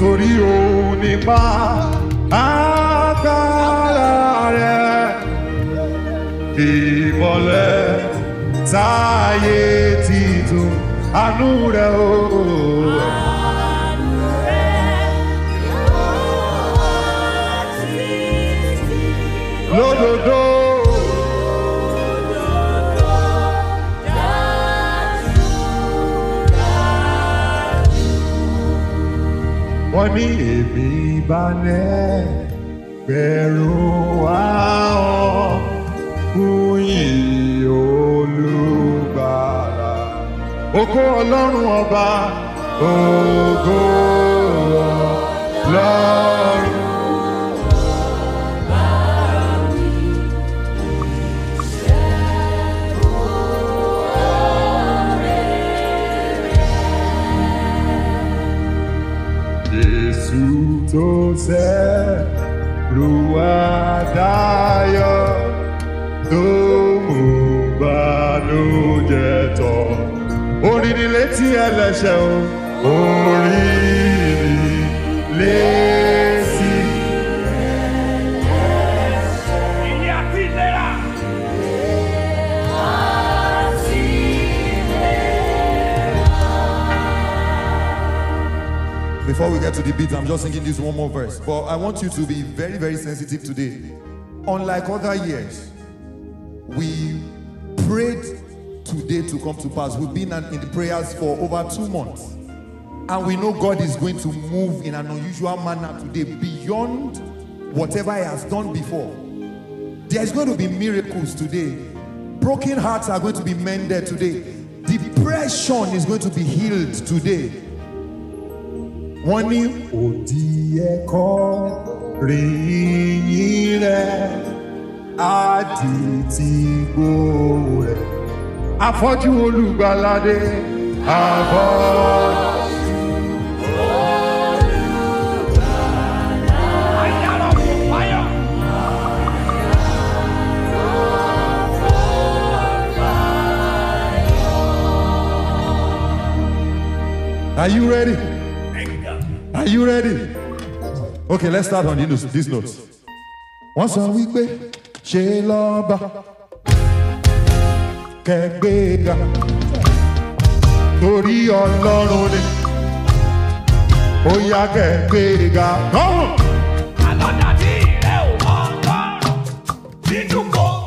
torí òun nípa agbára rẹ̀ ìmọ̀lẹ̀ táyé tìtò àánú rẹ̀ ooo. lódodo. wọ́n ní èmi ìbálẹ̀ bẹ̀rù wá ọ fún yìí olùgbàlà. Ògo Ọlọ́run ọba ògo lọ́wọ́. Jésù tó sẹ́ lùwà dáyọ̀ tó mú bànújẹ́ tọ̀. Orin ni létí ẹlẹ́ṣẹ̀ o. Orin ni létí. Before we get to the beat, I'm just singing this one more verse. But I want you to be very, very sensitive today. Unlike other years, we prayed today to come to pass. We've been in the prayers for over two months. And we know God is going to move in an unusual manner today beyond whatever He has done before. There's going to be miracles today. Broken hearts are going to be mended today. Depression is going to be healed today. wọ́n ní òdì ẹ̀kọ́ rèéyìn rẹ̀ àdìtì gbòó rẹ̀ afọ́jú olùgbàládé àbọ̀. Are you ready? Are you ready? Okay, let's start on these notes. Wọ́n sọ wípé ṣe lọ́ba kẹgbẹ́ra torí Ọlọ́run ni ó yá kẹgbẹ́ra náà. tí ìrẹ́ ò mọ́ ń kọ́ dídúkọ́.